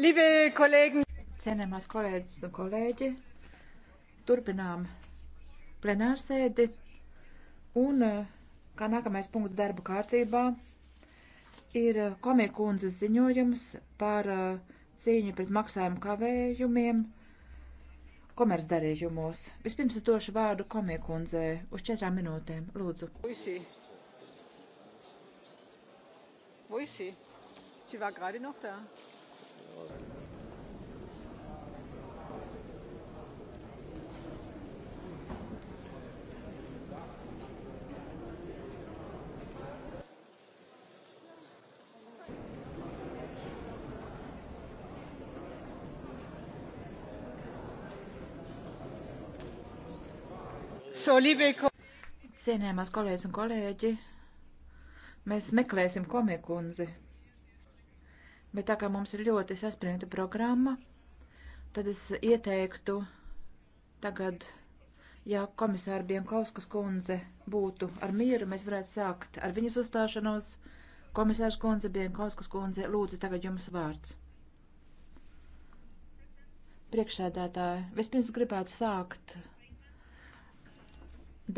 Liebe kolēģi! Cienējamās kolēģis un kolēģi, turpinām plenārsēdi un, eh, kā nākamais punkts darba kārtībā, ir eh, komikundzes ziņojums par eh, cīņu pret maksājumu kavējumiem komercdarījumos. Vispirms es došu vārdu komikundzē uz četrām minūtēm. Lūdzu. Puisī. Puisī. Sie war gerade noch da. Cienējamās kolēģis un kolēģi, mēs meklēsim komikundzi. Bet tā kā mums ir ļoti saspringta programma, tad es ieteiktu tagad, ja komisāra Bienkovskas kundze būtu ar mieru, mēs varētu sākt ar viņas uzstāšanos. Komisārs kundze, Bienkovskas kundze, lūdzu tagad jums vārds. Priekšsēdētāji, vispirms gribētu sākt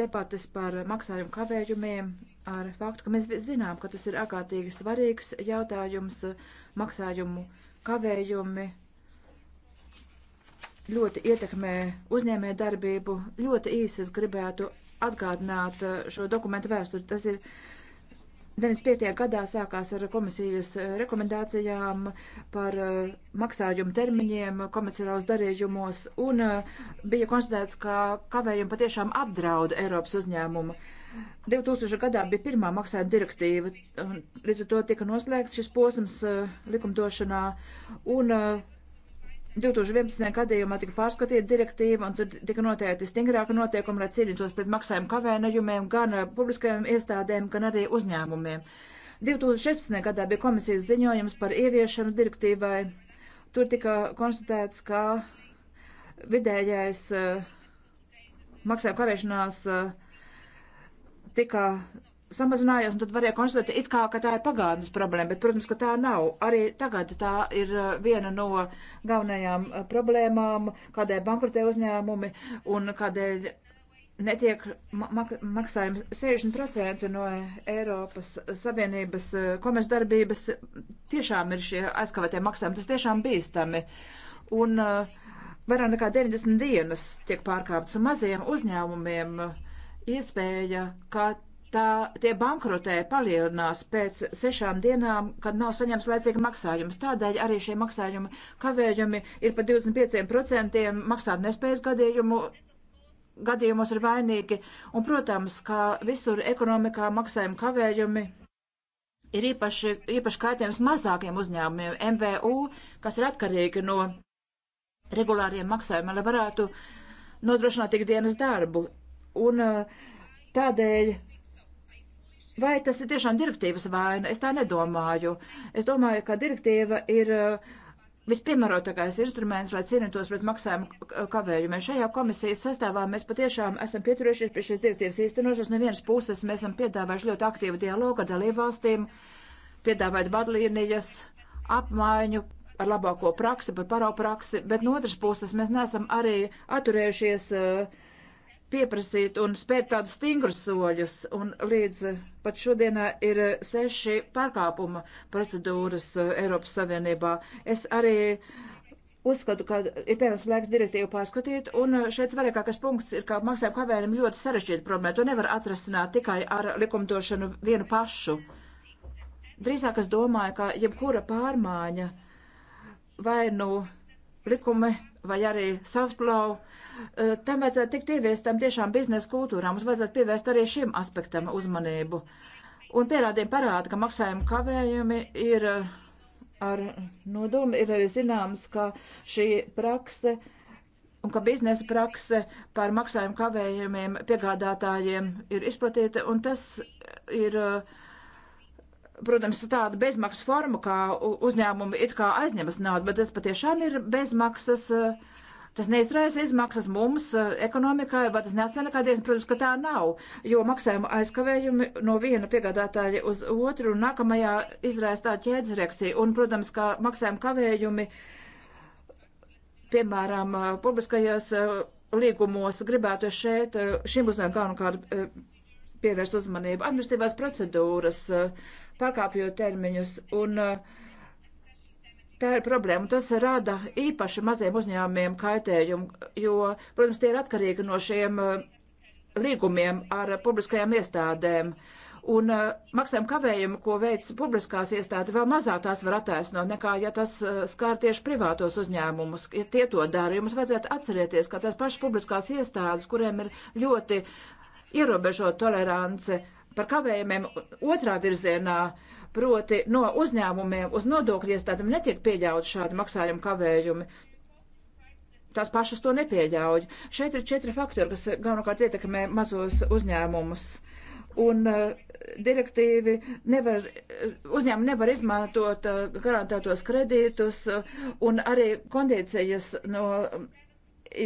debatas par maksājumu kavējumiem ar faktu, ka mēs zinām, ka tas ir ārkārtīgi svarīgs jautājums maksājumu kavējumi ļoti ietekmē uzņēmē darbību. Ļoti īsi es gribētu atgādināt uh, šo dokumentu vēsturi. Tas ir 95. gadā sākās ar komisijas uh, rekomendācijām par uh, maksājumu termiņiem komerciālos darījumos un bija konstatēts, ka kavējumi patiešām apdraud Eiropas uzņēmumu. 2000. gadā bija pirmā maksājuma direktīva, līdz ar to tika noslēgts šis posms uh, likumdošanā, un uh, 2011. gadījumā tika pārskatīta direktīva, un tad tika noteikti stingrāka noteikuma, lai cīnītos pret maksājumu kavēnajumiem gan uh, publiskajiem iestādēm, gan arī uzņēmumiem. 2016. gadā bija komisijas ziņojums par ieviešanu direktīvai. Tur tika konstatēts, ka vidējais uh, maksājuma kavēšanās uh, tika samazinājās, un tad varēja konstatēt, it kā, ka tā ir pagātnes problēma, bet, protams, ka tā nav. Arī tagad tā ir uh, viena no galvenajām uh, problēmām, kādēļ bankrotē uzņēmumi un kādēļ netiek mak maksājumi 60% no Eiropas Savienības uh, komercdarbības tiešām ir šie aizkavētie maksājumi. Tas tiešām bīstami. Un vairāk nekā 90 dienas tiek pārkāptas mazajiem uzņēmumiem. Uh, Iespēja, ka tā, tie bankrotē palielinās pēc sešām dienām, kad nav saņemts laicīgi maksājums. Tādēļ arī šie maksājumi kavējumi ir pa 25% maksāt nespējas gadījumu gadījumos ir vainīgi. Un, protams, kā visur ekonomikā maksājuma kavējumi ir īpaši, īpaši kaitējums mazākiem uzņēmumiem, MVU, kas ir atkarīgi no regulāriem maksājumiem, lai varētu nodrošināt ikdienas darbu. Un eh, tādēļ Vai tas ir tiešām direktīvas vaina? Es tā nedomāju. Es domāju, ka direktīva ir eh, vispiemērotākais instruments, lai cīnītos pret maksājumu kavējumiem. Šajā komisijas sastāvā mēs patiešām esam pieturējušies pie šīs direktīvas īstenošanas. No vienas puses mēs esam piedāvājuši ļoti aktīvu dialogu ar dalībvalstīm, piedāvājot vadlīnijas, apmaiņu ar labāko praksi, par paraugu praksi, bet no otras puses mēs neesam arī atturējušies uh, pieprasīt un spērt tādus stingrus soļus, un līdz eh, pat šodienā ir eh, seši pārkāpuma procedūras eh, Eiropas Savienībā. Es arī uzskatu, ka ir pienācis laiks direktīvu pārskatīt, un šeit svarīgākais punkts ir, ka maksājuma kavējumam ļoti sarežģīta problēma. To nevar atrasināt tikai ar likumdošanu vienu pašu. Drīzāk es domāju, ka jebkura pārmaiņa vai nu likumi, vai arī savsplau, uh, tam vajadzētu tikt ieviestam tiešām biznesa kultūrā. Mums vajadzētu pievērst arī šim aspektam uzmanību. Un pierādījumi parāda, ka maksājuma kavējumi ir ar nodomu, ir arī zināms, ka šī prakse un ka biznesa prakse par maksājumu kavējumiem piegādātājiem ir izplatīta, un tas ir uh, protams, tāda bezmaksas forma, kā uzņēmumi it kā aizņemas naudu, bet tas patiešām ir bezmaksas uh, Tas neizraisa izmaksas mums, eh, ekonomikai, vai tas neatstāja nekādiem, protams, ka tā nav, jo maksājuma aizkavējumi no viena piegādātāja uz otru un nākamajā izraisa tāda ķēdes reakcija. Un, protams, ka maksājuma kavējumi, piemēram, eh, publiskajās eh, līgumos gribētu šeit šim uzņēmumam galvenokārt pievērst uzmanību. Administratīvās procedūras, pārkāpjot termiņus un uh, Tā ir problēma. Tas rada īpaši maziem uzņēmumiem kaitējumu, jo, protams, tie ir atkarīgi no šiem eh, līgumiem ar publiskajām iestādēm. Un uh, eh, maksājuma kavējumu, ko veids publiskās iestādes, vēl mazāk tās var attaisnot nekā, ja tas uh, eh, skār tieši privātos uzņēmumus. Ja tie to dara, jums vajadzētu atcerēties, ka tās pašas publiskās iestādes, kuriem ir ļoti ierobežota tolerance par kavējumiem otrā virzienā, uh, proti no uzņēmumiem uz nodokļu iestādēm netiek pieļauts šādi maksājumi kavējumi. Tās pašas to nepieļauj. Šeit ir četri faktori, kas galvenokārt ietekmē mazos uzņēmumus. Un eh, direktīvi nevar, uzņēmumi nevar izmantot eh, garantētos kredītus, eh, un arī kondīcijas no,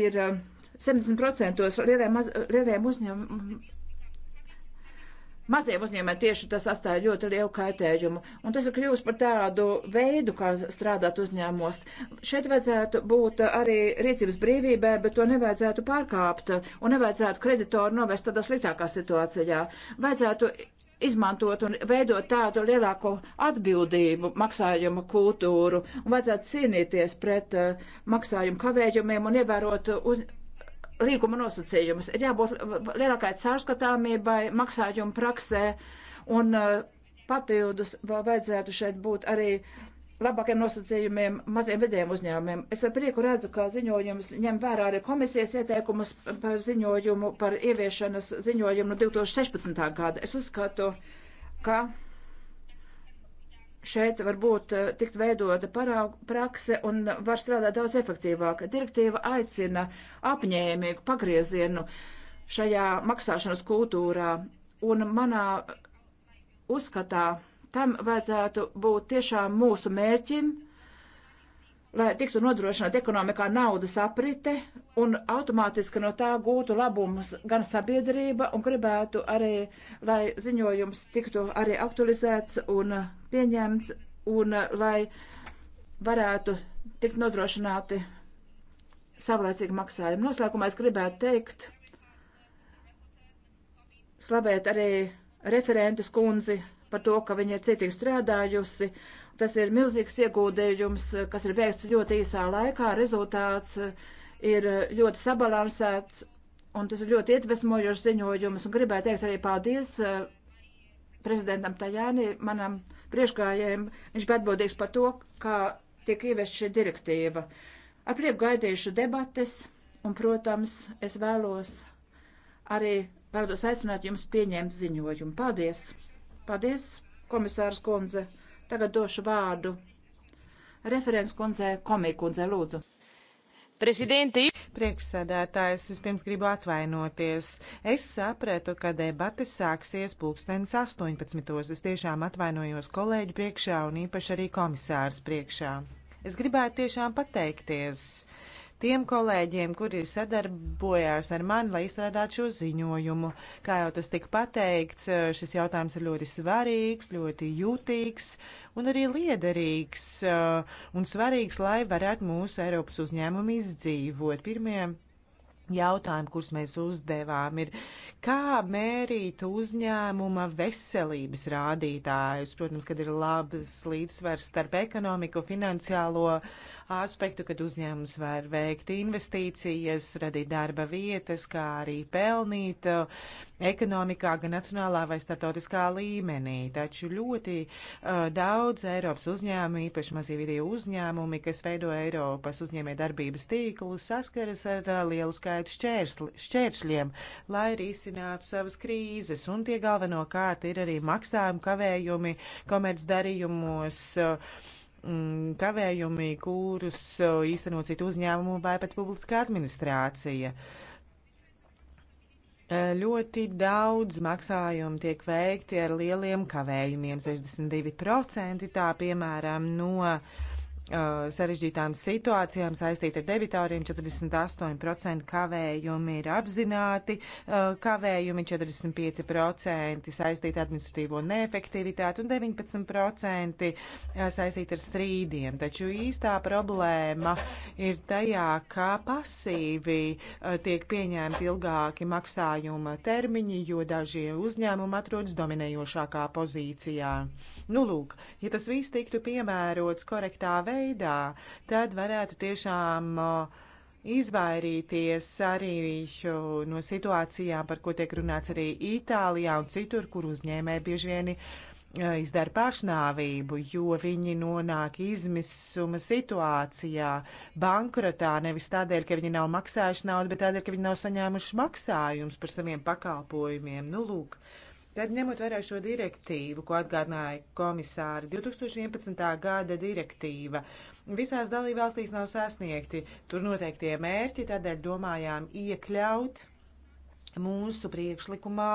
ir 70% lieliem, maz, lieliem uzņēmumiem Maziem uzņēmējiem tieši tas atstāja ļoti lielu kaitējumu, un tas ir kļuvis par tādu veidu, kā strādāt uzņēmumos. Šeit vajadzētu būt arī rīcības brīvībai, bet to nevajadzētu pārkāpt, un nevajadzētu kreditoru novest tādā sliktākā situācijā. Vajadzētu izmantot un veidot tādu lielāko atbildību maksājumu kultūru, un vajadzētu cīnīties pret uh, eh, maksājumu kavējumiem un ievērot uz, līguma nosacījumus. Ir jābūt lielākai caurskatāmībai maksājumu praksē un uh, papildus vēl vajadzētu šeit būt arī labākiem nosacījumiem maziem vidējiem uzņēmumiem. Es ar prieku redzu, ka ziņojums ņem vērā arī komisijas ieteikumus par ziņojumu, par ieviešanas ziņojumu no 2016. gada. Es uzskatu, ka šeit var būt eh, tikt veidota parauga prakse un var strādāt daudz efektīvāk. Direktīva aicina apņēmīgu pagriezienu šajā maksāšanas kultūrā, un manā uzskatā tam vajadzētu būt tiešām mūsu mērķim lai tiktu nodrošināt ekonomikā naudas aprite un automātiski no tā gūtu labumus gan sabiedrība un gribētu arī, lai ziņojums tiktu arī aktualizēts un pieņemts un eh, lai varētu tikt nodrošināti savlaicīgi maksājumi. Noslēgumā es gribētu teikt, slavēt arī referentes kundzi par to, ka viņa ir citīgi strādājusi Tas ir milzīgs ieguldījums, kas ir veikts ļoti īsā laikā. Rezultāts eh, ir ļoti sabalansēts, un tas ir ļoti iedvesmojošs ziņojums. Un gribēju teikt arī paldies eh, prezidentam Tajāni, manam priekšgājējiem. Viņš bija atbildīgs par to, kā tiek ieviest šī direktīva. Ar prieku gaidīšu debates, un, protams, es vēlos arī vēlos aicināt jums pieņemt ziņojumu. Paldies! Paldies, komisārs Konze! Tagad došu vārdu referents kundzē, komija kundzē, lūdzu. Prezidenti. Priekšsēdētājs vispirms gribu atvainoties. Es sapratu, ka debatas sāksies pulkstenis 18. Es tiešām atvainojos kolēģu priekšā un īpaši arī komisārs priekšā. Es gribētu tiešām pateikties. Uh, tiem kolēģiem, kuri ir sadarbojās ar mani, lai izstrādātu šo ziņojumu. Kā jau tas tika pateikts, šis jautājums ir ļoti svarīgs, ļoti jūtīgs un arī liederīgs un svarīgs, lai varētu mūsu Eiropas uzņēmumi izdzīvot. Pirmie Jautājumi, kurus mēs uzdevām, ir, kā mērīt uzņēmuma veselības rādītājus. Protams, kad ir labs līdzsvars starp ekonomiku, finansiālo aspektu, kad uzņēmums var veikt investīcijas, radīt darba vietas, kā arī pelnīt ekonomikā, gan nacionālā vai starptautiskā līmenī. Taču ļoti uh, daudz Eiropas uzņēmumu, īpaši mazie vidēji uzņēmumi, kas veido Eiropas uzņēmē darbības tīklu, saskaras ar uh, lielu skaitu šķērsli, šķēršļiem, lai risinātu savas krīzes. Un tie galvenokārt ir arī maksājumu kavējumi komercdarījumos. Uh, kavējumi, kurus īstenot citu uzņēmumu vai pat publiska administrācija. Uh, Eh, ļoti daudz maksājumu tiek veikti ar lieliem kavējumiem, 62% tā piemēram no uh, sarežģītām situācijām saistīti ar debitoriem. 48% kavējumi ir apzināti, kavējumi 45% saistīti ar administratīvo neefektivitāti un 19% saistīti ar strīdiem. Taču īstā problēma ir tajā, ka pasīvi tiek pieņemti ilgāki maksājuma termiņi, jo dažie uzņēmumi atrodas dominējošākā pozīcijā. Yeah. Nu, lūk, ja tas viss tiktu piemērots korektā veidā, tad varētu tiešām izvairīties arī no situācijām, par ko tiek runāts arī Itālijā un citur, kur uzņēmē bieži vieni izdara pašnāvību, jo viņi nonāk izmisuma situācijā, bankrotā, nevis tādēļ, ka viņi nav maksājuši naudu, bet tādēļ, ka viņi nav saņēmuši maksājumus par saviem pakalpojumiem. Nu, lūk, Tad, ņemot vērā šo direktīvu, ko atgādināja komisāri, 2011. gada direktīva, visās dalībvalstīs nav sasniegti tur noteiktie mērķi, tādēļ domājām iekļaut mūsu priekšlikumā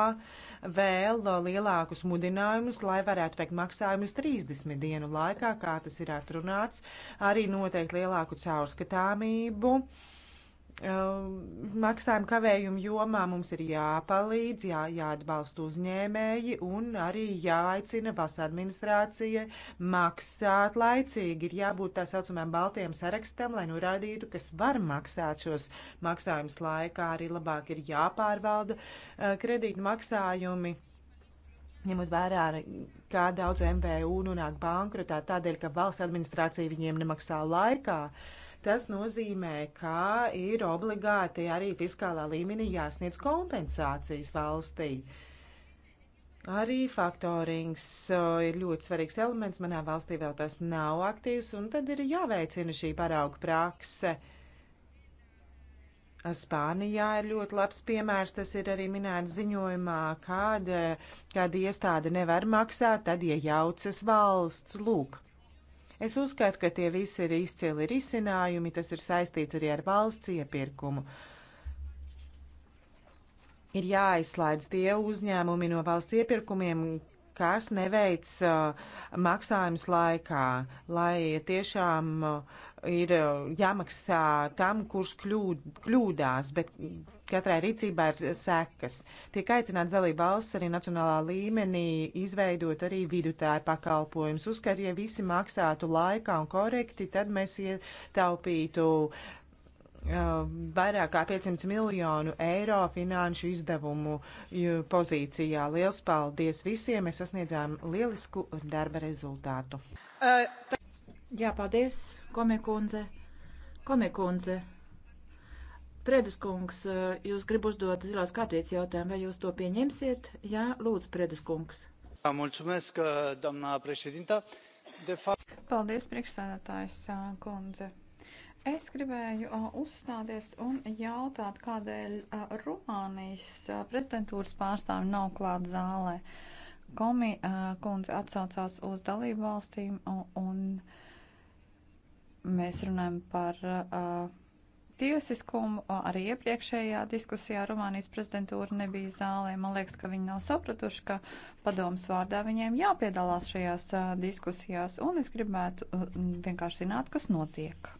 vēl lielākus mudinājumus, lai varētu veikt maksājumus 30 dienu laikā, kā tas ir atrunāts, arī noteikti lielāku caurskatāmību. Uh, Ehm, maksājuma kavējumu jomā mums ir jāpalīdz, jā, jāatbalsta uzņēmēji un arī jāaicina valsts administrācija maksāt laicīgi. Ir jābūt tā saucamajam baltajam sarakstam, lai norādītu, kas var maksāt šos maksājumus laikā. Arī labāk ir jāpārvalda eh, kredītu maksājumi. Ņemot vērā, kā daudz MVU nonāk bankrotā, tādēļ, ka valsts administrācija viņiem nemaksā laikā. Uh, Tas nozīmē, ka ir obligāti arī fiskālā līmenī jāsniedz kompensācijas valstī. Arī faktorings ir ļoti svarīgs elements. Manā valstī vēl tas nav aktīvs, un tad ir jāveicina šī parauga prakse. Spānijā ir ļoti labs piemērs, tas ir arī minēts ziņojumā, kāda, kāda iestāde nevar maksāt, tad iejaucas valsts. Lūk, Es uzskatu, ka tie visi ir izcili risinājumi, tas ir saistīts arī ar valsts iepirkumu. Ir jāizslēdz tie uzņēmumi no valsts iepirkumiem, kas neveic uh, maksājums laikā, lai tiešām uh, ir uh, jāmaksā tam, kurš kļūd, kļūdās, bet Katrai rīcībā ir sekas. Tiek aicināts dalība valsts arī nacionālā līmenī izveidot arī vidutāju pakalpojumus. Uzskat, ja visi maksātu laikā un korekti, tad mēs ietaupītu uh, vairāk kā 500 miljonu eiro finanšu izdevumu uh, pozīcijā. Liels paldies visiem! Mēs sasniedzām lielisku darba rezultātu. Jā, paldies, komikundze. Komikundze, Predes kungs, eh, jūs gribu uzdot zilās kārtītes jautājumu, vai jūs to pieņemsiet? Jā, lūdzu, Predes kungs. Mulțumesc, eh, doamna președintă. De fapt... Paldies, priekšsēdētājs eh, kundze. Es gribēju uzstāties un jautāt, kādēļ Rumānijas prezidentūras pārstāvi nav klāt zālē. Komi kundze atsaucās uz dalību valstīm un, un mēs runājam par uh, tiesiskumu. Arī iepriekšējā diskusijā Rumānijas prezidentūra nebija zālē. Man liekas, ka viņi nav sapratuši, ka padomas vārdā viņiem jāpiedalās šajās diskusijās, un es gribētu vienkārši zināt, kas notiek.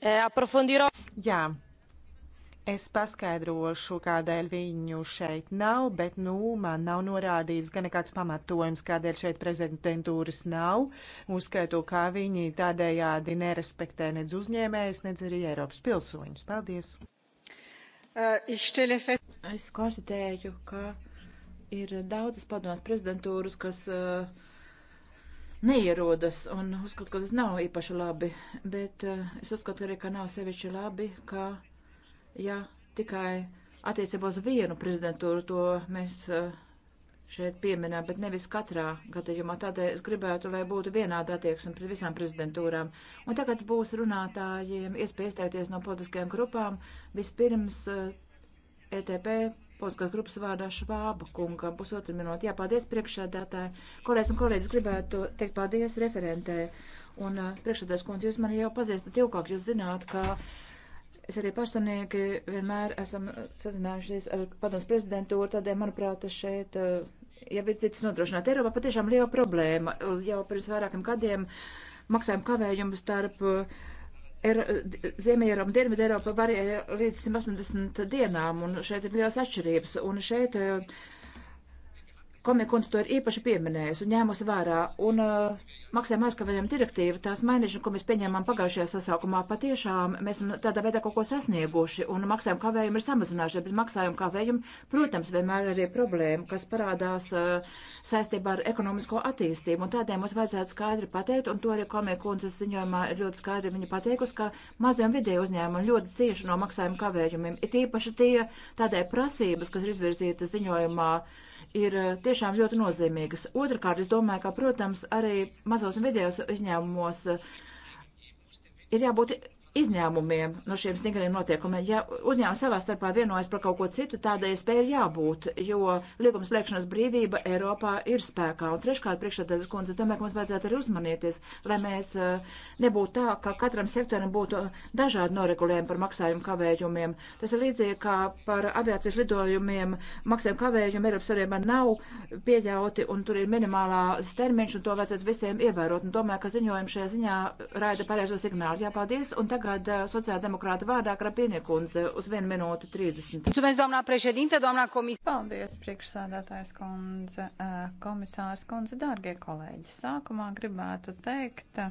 Äh, Jā, Es paskaidrošu, kādēļ viņu šeit nav, bet nu, man nav norādīts gan nekāds pamatojums, kādēļ šeit prezidentūras nav. Uzskaitu, kā viņi tādējādi nerespektē nedz uzņēmējus, nedz arī Eiropas pilsoņus. Paldies! Uh, es konstatēju, ka ir daudzas padomas prezidentūras, kas uh, neierodas, un uzskatu, ka tas nav īpaši labi, bet uh, es uzskatu arī, ka nav sevišķi labi, ka. Kā ja tikai attiecībā uz vienu prezidentūru to mēs eh, šeit pieminām, bet nevis katrā gadījumā. Tādēļ es gribētu, lai būtu vienāda attieksme pret visām prezidentūrām. Un tagad būs runātājiem iespēja izteikties no politiskajām grupām. Vispirms ETP eh, e politiskās grupas vārdā Švāba kungam pusotru minūti. Jā, paldies priekšsēdētāji. Kolēģis un kolēģis gribētu teikt paldies referentē. Un eh, priekšsēdētājs kundze, jūs mani jau pazīstat ilgāk, jūs zināt, ka Es arī personīgi vienmēr esam sazinājušies ar padomus prezidentūru, tādēļ, manuprāt, šeit eh, jau ir ticis nodrošināt. Eiropā patiešām liela problēma. Jau pirms vairākiem gadiem maksājuma kavējumu starp eh, Ziemeļa un Dienvidu Eiropu varēja līdz 180 dienām, un šeit ir liels atšķirības. Un šeit uh, Komikons to ir īpaši pieminējusi un ņēmusi vērā. Un, uh, maksājuma aizkavējumu direktīva, tās mainīšana, ko mēs pieņēmām pagājušajā sasaukumā, patiešām mēs esam tādā veidā kaut ko sasnieguši, un maksājuma kavējumi ir samazinājušies, bet maksājuma kavējumi, protams, vienmēr ir arī problēma, kas parādās uh, saistībā ar ekonomisko attīstību, un tādēļ mums vajadzētu skaidri pateikt, un to arī komija kundzes ziņojumā ir ļoti skaidri viņa pateikusi, ka maziem vidēju uzņēmumi ļoti cieši no maksājuma kavējumiem, ir īpaši tie tādēļ prasības, kas ir izvirzītas ziņojumā. Uh, ir eh, tiešām ļoti nozīmīgas. Otrakārt, es domāju, ka, protams, arī mazos un vidējos izņēmumos eh, ir jābūt izņēmumiem no šiem stingriem notiekumiem. Ja uzņēmumi savā starpā vienojas par kaut ko citu, tādai iespēja ir jābūt, jo līguma slēgšanas brīvība Eiropā ir spēkā. Un treškārt, priekšsēdētājas kundze, es domāju, ka mums vajadzētu arī uzmanīties, lai mēs eh, nebūtu tā, ka katram sektoram būtu dažādi noregulējumi par maksājumu kavējumiem. Tas ir līdzīgi kā par aviācijas lidojumiem. Maksājumu kavējumi Eiropas Savienībā nav pieļauti, un tur ir minimālās termiņš, un to vajadzētu visiem ievērot. Un domāju, ka ziņojumi šajā ziņā raida pareizo signālu. Jā, paldies. Un tagad tagad eh, sociāldemokrāta vārdā Krapieniekundze uz 1 minūtu 30. Mulțumesc, doamna președinte, doamna komisārs. Paldies, priekšsādātājs kundze, eh, komisārs kundze, dārgie kolēģi. Sākumā gribētu teikt,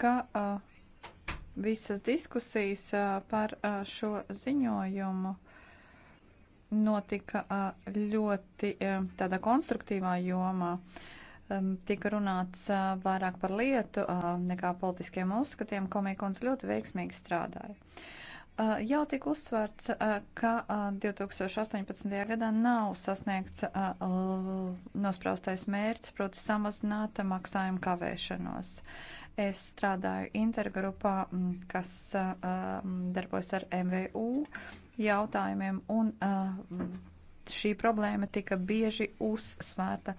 ka eh, visas diskusijas par šo ziņojumu notika ļoti tādā konstruktīvā jomā tika runāts vairāk par lietu nekā politiskiem uzskatiem, komikons ļoti veiksmīgi strādāja. Jau tika uzsvērts, ka 2018. gadā nav sasniegts nospraustais mērķis, proti samazināt maksājumu kavēšanos. Es strādāju intergrupā, kas darbojas ar MVU jautājumiem un šī problēma tika bieži uzsvērta.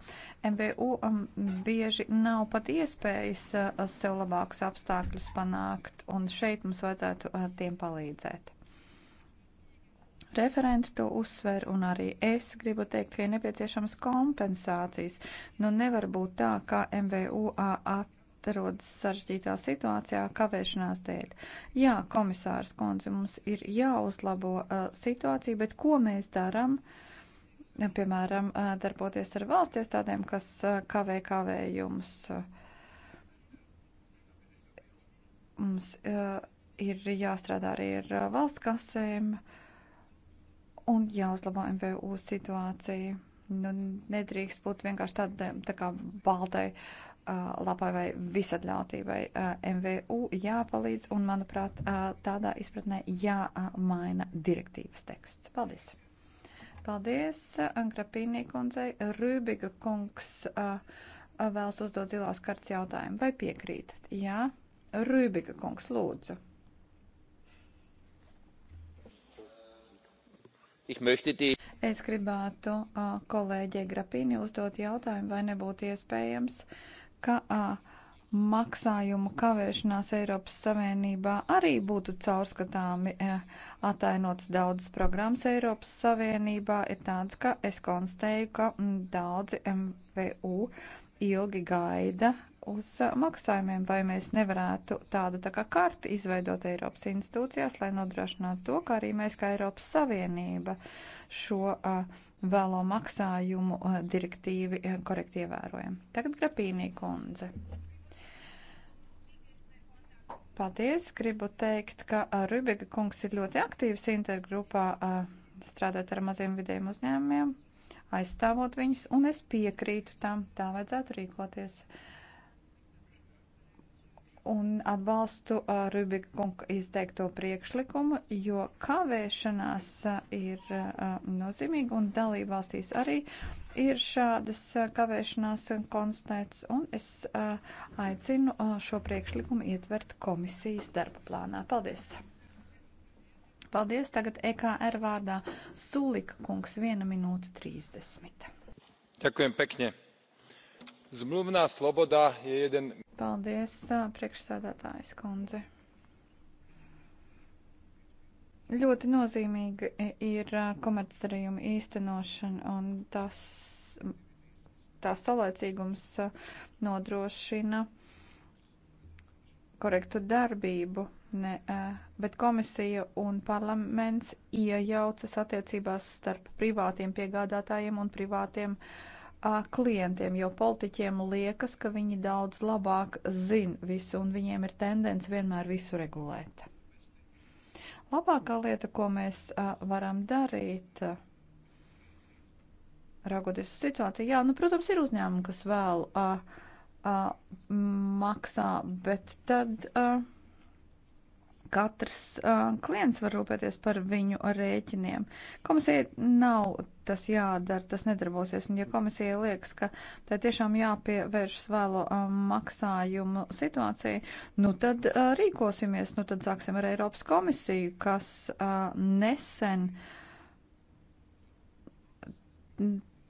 MVU um, bieži nav pat iespējas uh, sev labākus apstākļus panākt, un šeit mums vajadzētu uh, tiem palīdzēt. Referenti to uzsver, un arī es gribu teikt, ka ir nepieciešamas kompensācijas. Nu, nevar būt tā, ka MVU uh, atrodas sarežģītā situācijā kavēšanās dēļ. Jā, komisārs kundze, mums ir jāuzlabo uh, situācija, bet ko mēs darām? Uh, piemēram, darboties ar valsts iestādēm, kas kavē kavējumus. Mums ir jāstrādā arī ar valsts kasēm un jāuzlabo MVU situācija. Nu, nedrīkst būt vienkārši tāda tā kā baltai lapai vai visatļautībai. MVU jāpalīdz un, manuprāt, tādā izpratnē jāmaina direktīvas teksts. Paldies! Paldies Angrapīnī kundzei. Rūbiga kungs vēlas uzdot zilās karts jautājumu. Vai piekrītat? Jā. Rūbiga kungs, lūdzu. Es gribētu kolēģei Grapīni uzdot jautājumu, vai nebūtu iespējams, ka uh, maksājumu kavēšanās Eiropas Savienībā arī būtu caurskatāmi eh, atainots daudzas programmas Eiropas Savienībā, ir tāds, ka es konstēju, ka mm, daudzi MVU ilgi gaida uz eh, maksājumiem, vai mēs nevarētu tādu tā kā karti izveidot Eiropas institūcijās, lai nodrošinātu to, ka arī mēs kā Eiropas Savienība šo uh, vēlo maksājumu direktīvi korekti ievērojam. Tagad Grapīnī kundze. Paldies! Gribu teikt, ka Rubiga kungs ir ļoti aktīvs intergrupā strādāt ar maziem vidējiem uzņēmumiem, aizstāvot viņus, un es piekrītu tam, tā vajadzētu rīkoties. Uh, un atbalstu Rubika kunga izteikto priekšlikumu, jo kavēšanās ir nozīmīga un dalībvalstīs arī ir šādas kavēšanās konstatēts, un es aicinu šo priekšlikumu ietvert komisijas darba plānā. Paldies! Paldies! Tagad EKR vārdā Sulika kungs 1 minūte 30. Ďakujem pekne Zmluvnā slobodā je jeden. Paldies, priekšsādātājs kundze. Ļoti nozīmīga ir komercdarījuma īstenošana un tas, tā salaicīgums nodrošina korektu darbību, ne, bet komisija un parlaments iejaucas attiecībās starp privātiem piegādātājiem un privātiem uh, klientiem, jo politiķiem liekas, ka viņi daudz labāk zina visu un viņiem ir tendence vienmēr visu regulēt. Labākā lieta, ko mēs varam darīt, raugoties uz situāciju, jā, nu, protams, ir uzņēmumi, kas vēl a, a, maksā, bet tad a, katrs a, klients var rūpēties par viņu rēķiniem. Komisija nav tas jādara, tas nedarbosies. Un ja komisija liekas, ka tai tiešām jāpievēršas vēlo um, maksājumu situācijai, nu tad uh, rīkosimies, nu tad sāksim ar Eiropas komisiju, kas uh, nesen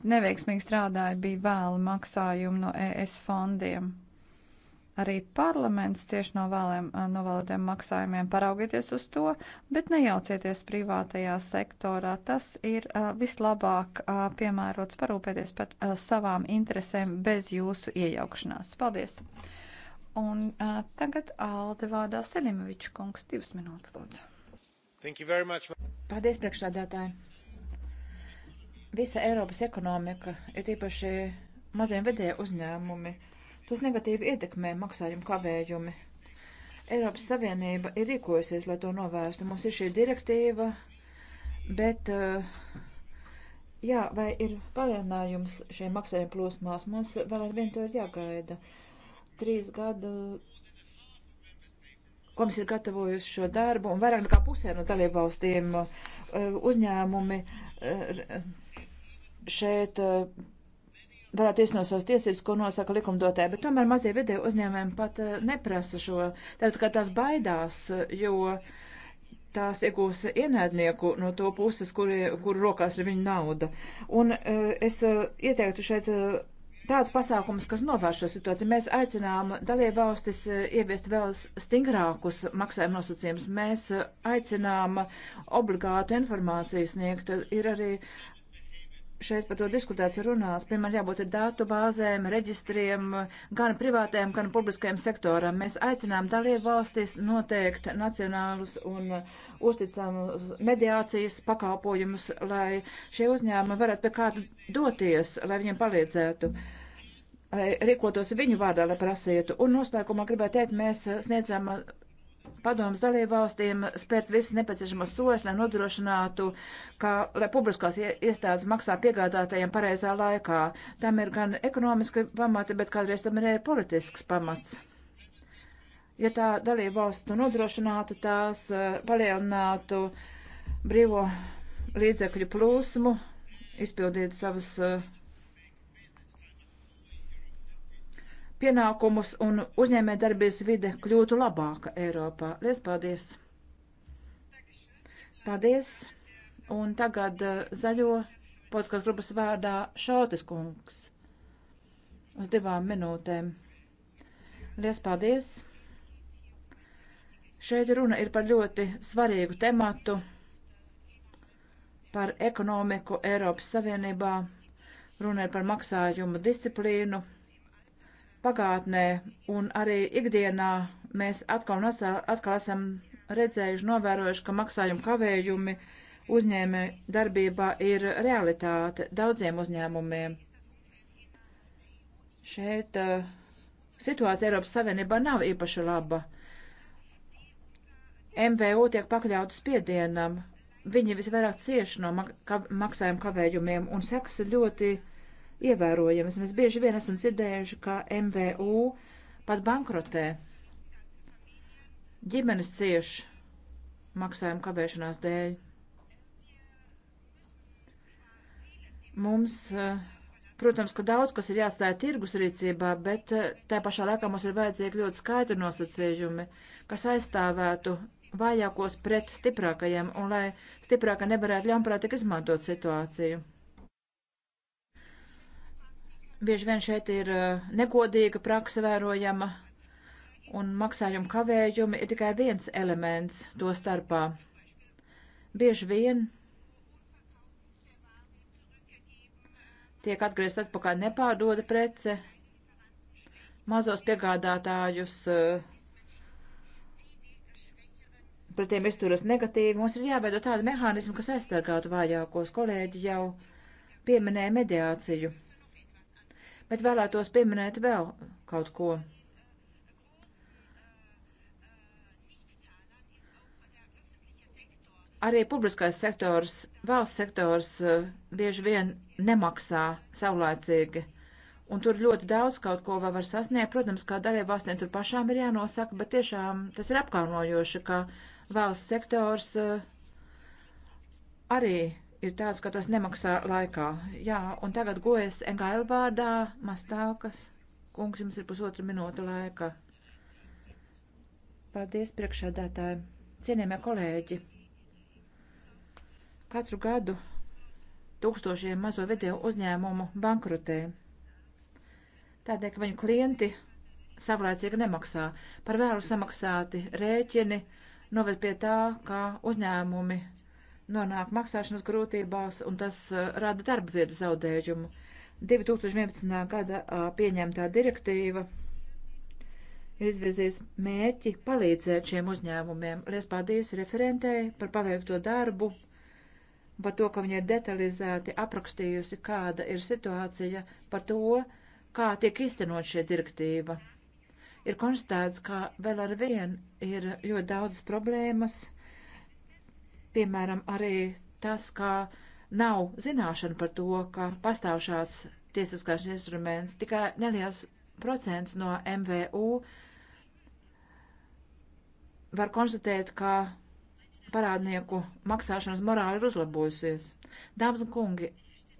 neveiksmīgi strādāja, bija vēli maksājumi no ES fondiem. Arī parlaments cieši no, vēlēm, eh, no vēlētiem maksājumiem paraugieties uz to, bet nejaucieties privātajā sektorā. Tas ir uh, vislabāk uh, piemērots parūpēties par uh, savām interesēm bez jūsu iejaukšanās. Paldies! Un uh, tagad Alde vārdā Selimoviča kungs divas minūtes lūdzu. Paldies, priekšstādātāji! Visa Eiropas ekonomika, ir īpaši maziem vedēja uzņēmumi, uh, Tos negatīvi ietekmē maksājumu kavējumi. Eiropas Savienība ir rīkojusies, lai to novērstu. Mums ir šī direktīva, bet eh, jā, vai ir palielinājums šiem maksājumu plosmās? Mums vēl ar vienu to ir jāgaida. Trīs gadu komisija ir gatavojusi šo darbu, un vairāk nekā pusē no dalībvalstīm eh, uzņēmumi eh, šeit varētu iesnot savas tiesības, ko nosaka likumdotāja, bet tomēr mazie video uzņēmēm pat eh, neprasa šo, tātad, ka tās baidās, jo tās iegūs ienaidnieku no to puses, kur, kur rokās ir viņa nauda. Un eh, es eh, ieteiktu šeit tāds pasākums, kas novērš šo situāciju. Mēs aicinām dalībvalstis ieviest vēl stingrākus maksājuma nosacījumus. Mēs aicinām obligātu informāciju sniegt. Ir arī šeit par to diskutēts un runās. Piemēram, jābūt datu bāzēm, reģistriem, gan privātajam, gan publiskajam sektoram. Mēs aicinām dalību valstis noteikt nacionālus un uzticamus mediācijas pakalpojumus, lai šie uzņēmumi varētu pie kāda doties, lai viņiem palīdzētu. Lai rīkotos viņu vārdā, lai prasītu. Un noslēgumā gribētu teikt, mēs sniedzām padomus dalībvalstīm spērt visus nepieciešamos soļus, lai nodrošinātu, ka, lai publiskās iestādes maksā piegādātajiem pareizā laikā. Tam ir gan ekonomiski pamati, bet kādreiz tam ir arī politisks pamats. Ja tā dalībvalstu nodrošinātu, tās eh, palielinātu brīvo līdzekļu plūsmu, izpildītu savas uh, pienākumus un uzņēmē darbības vide kļūtu labāka Eiropā. Lies paldies! Paldies! Un tagad uh, zaļo podskās grupas vārdā Šautis kungs. Uz divām minūtēm. Lies paldies! Šeit runa ir par ļoti svarīgu tematu, par ekonomiku Eiropas Savienībā, runa ir par maksājumu disciplīnu pagātnē un arī ikdienā mēs atkal, nosā, atkal esam redzējuši, novērojuši, ka maksājumu kavējumi uzņēmē darbībā ir realitāte daudziem uzņēmumiem. Šeit uh, situācija Eiropas Savienībā nav īpaši laba. MVU tiek pakļauta spiedienam. Viņi visvairāk cieši no mak maksājuma kavējumiem un sekas ir ļoti uh, ievērojamas. Mēs bieži vien esam dzirdējuši, ka MVU pat bankrotē. Ģimenes cieš maksājuma kavēšanās dēļ. Mums, eh, protams, ka daudz kas ir jāatstāja tirgus rīcībā, bet eh, tā pašā laikā mums ir vajadzīgi ļoti skaidri nosacījumi, kas aizstāvētu vājākos pret stiprākajiem un lai stiprāka nevarētu ļaunprātīgi izmantot situāciju. Bieži vien šeit ir eh, negodīga praksa vērojama, un maksājuma kavējumi ir tikai viens elements to starpā. Bieži vien tiek atgriezt atpakaļ nepārdoda prece, mazos piegādātājus eh, pret tiem izturas negatīvi. Mums ir jāveido tādi mehānismi, kas aizstargātu vājākos. Kolēģi jau pieminēja mediāciju bet vēlētos pieminēt vēl kaut ko. Arī publiskais sektors, valsts sektors eh, bieži vien nemaksā saulēcīgi un tur ļoti daudz kaut ko vēl var sasniegt. Protams, kā darīja valstīm, tur pašām ir jānosaka, bet tiešām tas ir apkaunojoši, ka valsts sektors eh, arī ir tāds, ka tas nemaksā laikā. Jā, un tagad gojas NKL vārdā mastākas. Kungs, jums ir pusotra minūte laika. Paldies priekšādātājiem. Cienījamie kolēģi, katru gadu tūkstošiem mazo video uzņēmumu bankrotē. Tādēļ, ka viņu klienti savlaicīgi nemaksā. Par vēlu samaksāti rēķini noved pie tā, ka uzņēmumi nonāk maksāšanas grūtībās, un tas uh, rada darba vietu zaudējumu. 2011. gada uh, pieņemtā direktīva ir izvirzījusi mērķi palīdzēt šiem uzņēmumiem. Lies paldies referentēji par paveikto darbu, par to, ka viņa ir detalizēti aprakstījusi, kāda ir situācija, par to, kā tiek iztenot šie direktīva. Ir konstatēts, ka vēl ar vien ir ļoti daudzas problēmas Piemēram, arī tas, ka nav zināšana par to, ka pastāv šāds tiesiskās instruments, tikai neliels procents no MVU var konstatēt, ka parādnieku maksāšanas morāli ir uzlabojusies. Dāmas un kungi,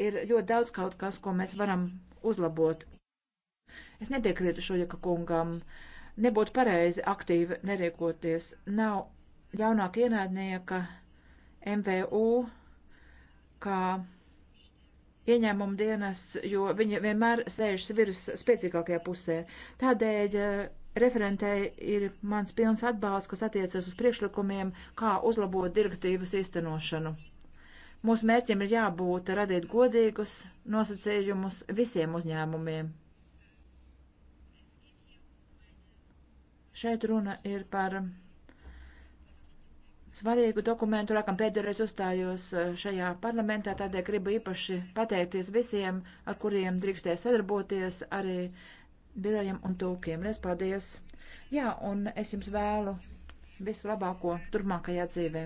ir ļoti daudz kaut kas, ko mēs varam uzlabot. Es nepiekrītu Šujaka kungam. Nebūtu pareizi aktīvi neriekoties. Nav jaunāka ienaidnieka MVU kā ieņēmumu dienas, jo viņi vienmēr sēžas virs spēcīgākajā pusē. Tādēļ eh, referentei ir mans pilns atbalsts, kas attiecas uz priekšlikumiem, kā uzlabot direktīvas īstenošanu. Mūsu mērķiem ir jābūt radīt godīgus nosacījumus visiem uzņēmumiem. Šeit runa ir par svarīgu dokumentu, laikam pēdējoreiz uzstājos e, šajā parlamentā, tādēļ gribu īpaši pateikties visiem, ar kuriem drīkstēja sadarboties, arī birojiem un tūkiem. Lies paldies! Jā, un es jums vēlu visu labāko turpmākajā dzīvē.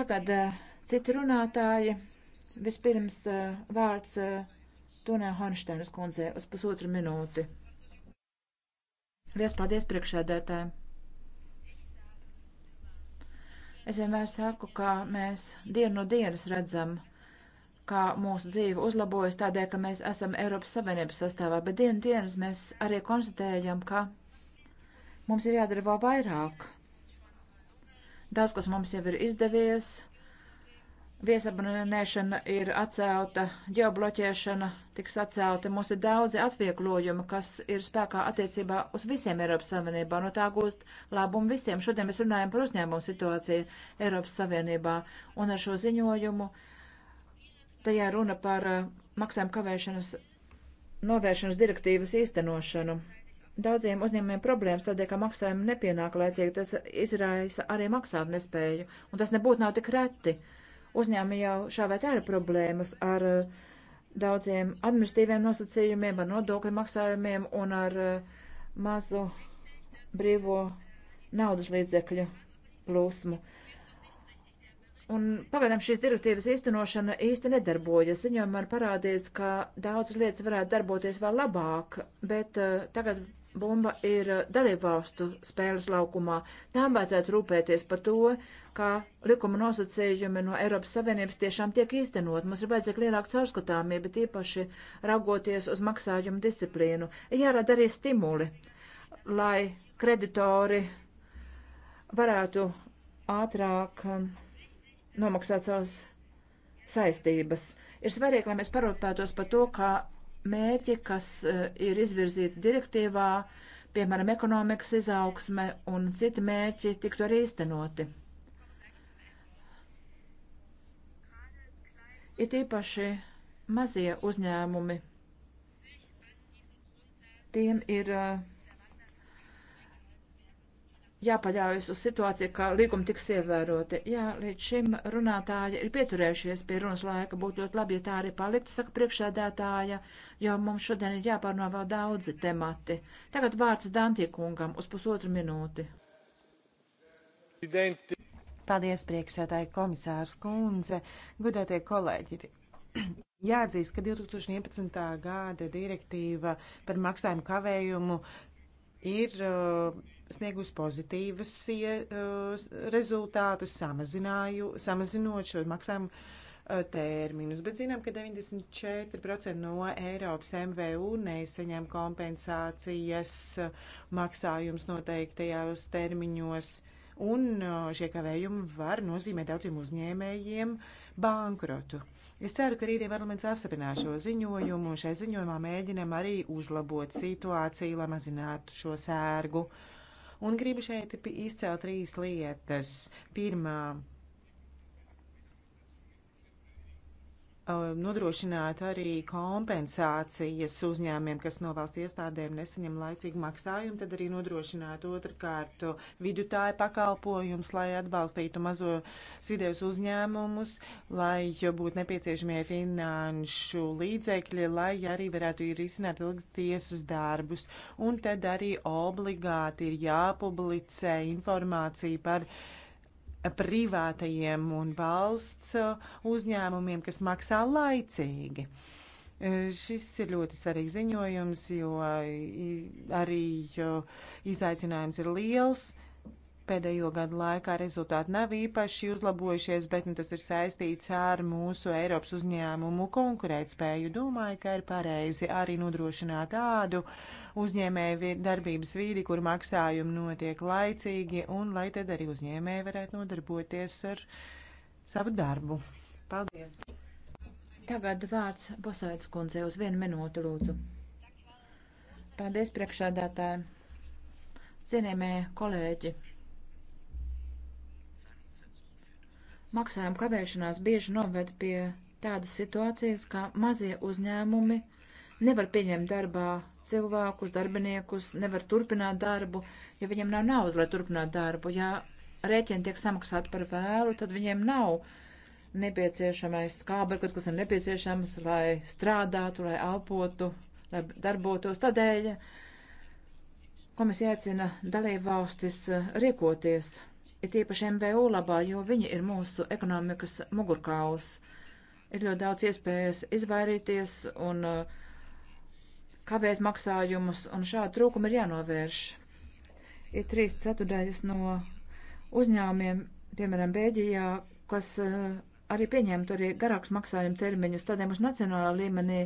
Tagad e, citi runātāji. Vispirms e, vārds Tunē Honštēnas kundzē uz pusotru minūti. Lies paldies priekšēdētājiem! Es vienmēr saku, ka mēs dienu no dienas redzam, kā mūsu dzīve uzlabojas tādēļ, ka mēs esam Eiropas Savienības sastāvā, bet dienu dienas mēs arī konstatējam, ka mums ir jādara vēl vairāk. Daudz, kas mums jau ir izdevies, viesabonēšana ir atcelta, ģeobloķēšana tiks atcelta. Mums ir daudzi atvieglojumi, kas ir spēkā attiecībā uz visiem Eiropas Savienībā. No tā gūst labumu visiem. Šodien mēs runājam par uzņēmumu situāciju Eiropas Savienībā. Un ar šo ziņojumu tajā runa par uh, maksājumu kavēšanas novēršanas direktīvas īstenošanu. Daudziem uzņēmumiem problēmas tādēļ, ka maksājumi nepienāk laicīgi, tas izraisa arī maksāt nespēju, un tas nebūtu nav tik reti. Uh, Uzņēmumi jau šā vai tā ir problēmas ar eh, daudziem administratīviem nosacījumiem, ar nodokļu maksājumiem un ar eh, mazu brīvo naudas līdzekļu plūsmu. Un, pagaidām, šīs direktīvas īstenošana īsti nedarbojas. Viņam ir parādīts, ka daudzas lietas varētu darboties vēl labāk, bet uh, tagad bumba ir eh, dalībvalstu spēles laukumā. Tām vajadzētu rūpēties par to, kā likuma nosacījumi no Eiropas Savienības tiešām tiek īstenot. Mums ir vajadzīga lielāka caurskatāmība, bet īpaši raugoties uz maksājumu disciplīnu. Ir jārada arī stimuli, lai kreditori varētu ātrāk eh, nomaksāt savas saistības. Ir svarīgi, lai mēs parūpētos par to, kā mērķi, kas eh, ir izvirzīti direktīvā, piemēram, ekonomikas izaugsme un citi mērķi, tiktu arī īstenoti. It īpaši mazie uzņēmumi. Tiem ir uh, jāpaļaujas uz situāciju, ka līgumi tiks ievēroti. Jā, līdz šim runātāji ir pieturējušies pie runas laika, būtu ļoti labi, ja tā arī paliktu, saka priekšsēdētāja, jo mums šodien ir jāpārno vēl daudzi temati. Tagad vārds Dantiekungam uz pusotru minūti. Paldies, priekšsētāja komisārs Kunze, gudētie kolēģi. Jāatzīst, ka 2011. gada direktīva par maksājumu kavējumu ir uh, sniegus pozitīvas uh, rezultātus, samazinot šo maksājumu uh, terminus, bet zinām, ka 94% no Eiropas MVU nesaņem kompensācijas uh, maksājums noteiktajos termiņos, un šie kavējumi var nozīmēt daudziem uzņēmējiem bankrotu. Es ceru, ka rītdien parlaments apstiprinās šo ziņojumu, un šai ziņojumā mēģinam arī uzlabot situāciju, lai mazinātu šo sērgu. Uh, Un gribu šeit izcelt trīs lietas. Pirmā Um, nodrošināt arī kompensācijas uzņēmiem, kas no valsts iestādēm nesaņem laicīgu maksājumu, tad arī nodrošināt otrkārt vidutāju pakalpojums, lai atbalstītu mazo vidējos uzņēmumus, lai būtu nepieciešamie finanšu līdzekļi, lai arī varētu risināt ilgas tiesas darbus. Un tad arī obligāti ir jāpublicē informācija par uh, privātajiem un valsts uh, uzņēmumiem, kas maksā laicīgi. Uh, šis ir ļoti svarīgs ziņojums, jo uh, arī izaicinājums ir liels. Pēdējo gadu laikā rezultāti nav īpaši uzlabojušies, bet nu, tas ir saistīts ar mūsu Eiropas uzņēmumu konkurētspēju. Domāju, ka ir pareizi arī nodrošināt tādu uh, uzņēmēju darbības vīdi, kur maksājumi notiek laicīgi, un lai tad arī uzņēmēji varētu nodarboties ar savu darbu. Paldies! Tagad vārds Bosaits kundzei uz vienu minūtu lūdzu. Paldies priekšādātājiem. Cienījamie kolēģi. Maksājuma kavēšanās bieži noved pie tādas situācijas, ka mazie uzņēmumi nevar pieņemt darbā cilvēkus, darbiniekus, nevar turpināt darbu, jo viņiem nav naudas, lai turpinātu darbu. Ja rēķini tiek samaksāti par vēlu, tad viņiem nav nepieciešamais skābeklis, kas ir nepieciešams, lai strādātu, lai elpotu, lai darbotos. Tādēļ komisija aicina dalību valstis eh, rīkoties, ir tīpaši MVU labā, jo viņi ir mūsu ekonomikas mugurkaus. Ir ļoti daudz iespējas izvairīties un uh, kavēt maksājumus, un šādu trūkumu ir jānovērš. Ir trīs ceturdaļas no uzņēmumiem, piemēram, Bēģijā, kas eh, arī pieņemtu arī garāks maksājuma termiņus. Tādēļ mums nacionālā līmenī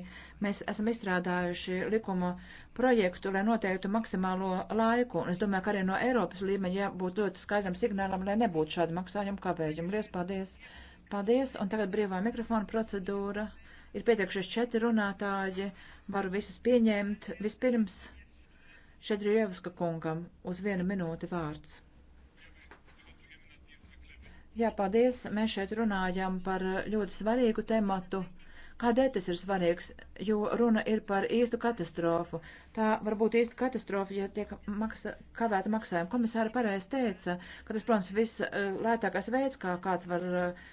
mēs esam izstrādājuši likuma projektu, lai noteiktu maksimālo laiku. Un es domāju, ka arī no Eiropas līmeņa jābūt ļoti skaidram signālam, lai nebūtu šādi maksājuma kavējumi. Lies, paldies! Paldies! Un tagad brīvā mikrofona procedūra. Ir pieteikušies četri runātāji, varu visus pieņemt. Vispirms Šedrievska kungam uz vienu minūti vārds. Jā, paldies. Mēs šeit runājam par ļoti svarīgu tematu. Kādēļ tas ir svarīgs? Jo runa ir par īstu katastrofu. Tā var būt īsta katastrofa, ja tiek maksa, kavēta maksājuma. Komisāra pareizi teica, ka tas, protams, viss eh, lētākais veids, kā kāds var uh,